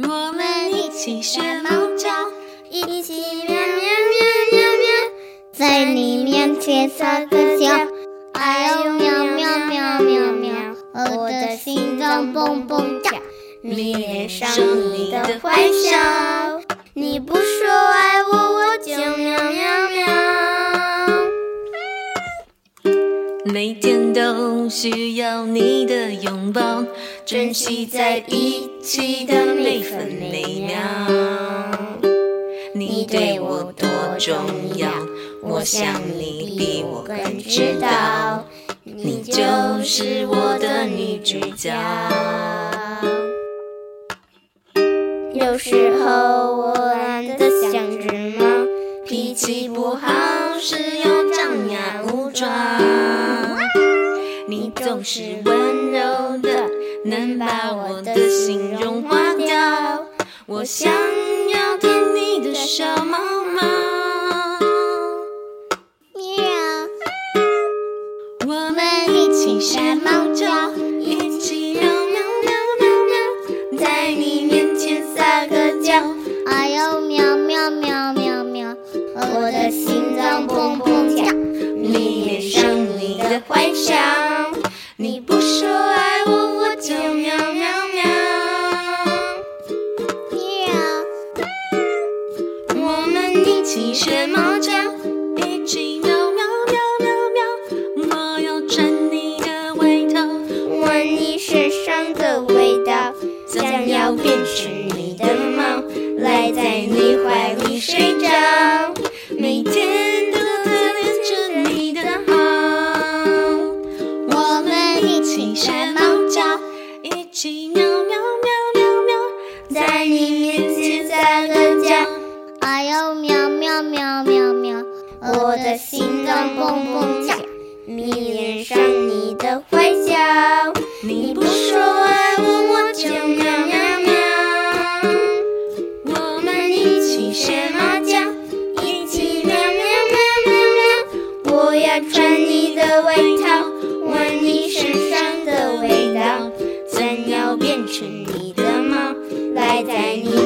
我們一起學貓叫，一起喵喵喵喵喵，在你面前撒個嬌，哎呦喵喵喵喵喵，我的心臟砰砰跳，迷戀上你的壞笑，你不說愛我，我就喵喵喵。每天都需要你的擁抱。珍惜在一起的每分每秒，你對我多重要，我想你比我更知道，你就是我的女主角。有時候我懶得像隻貓，脾氣不好時又張牙舞爪，你總是溫柔的。能把我的心融化掉，我想要做你的小貓貓，喵。我們一起學貓叫，一起喵喵喵喵，喵，在你面前撒個嬌，哎呦喵喵喵喵喵，喵，我的心臟砰砰跳，迷戀上你的壞笑。一起學貓叫，一起喵喵喵喵喵。我要穿你的外套，聞你身上的味道，想要變成你的貓，賴在你懷裡睡着，每天都貪戀着你的好。我們一起學貓叫，一起喵喵喵喵喵，喵，在你。我的心臟砰砰跳，迷戀上你的壞笑。你不說愛我，我就喵喵喵。我們一起學貓叫，一起喵喵喵喵喵。我要穿你的外套，聞你身上的味道。想要變成你的貓，賴在你。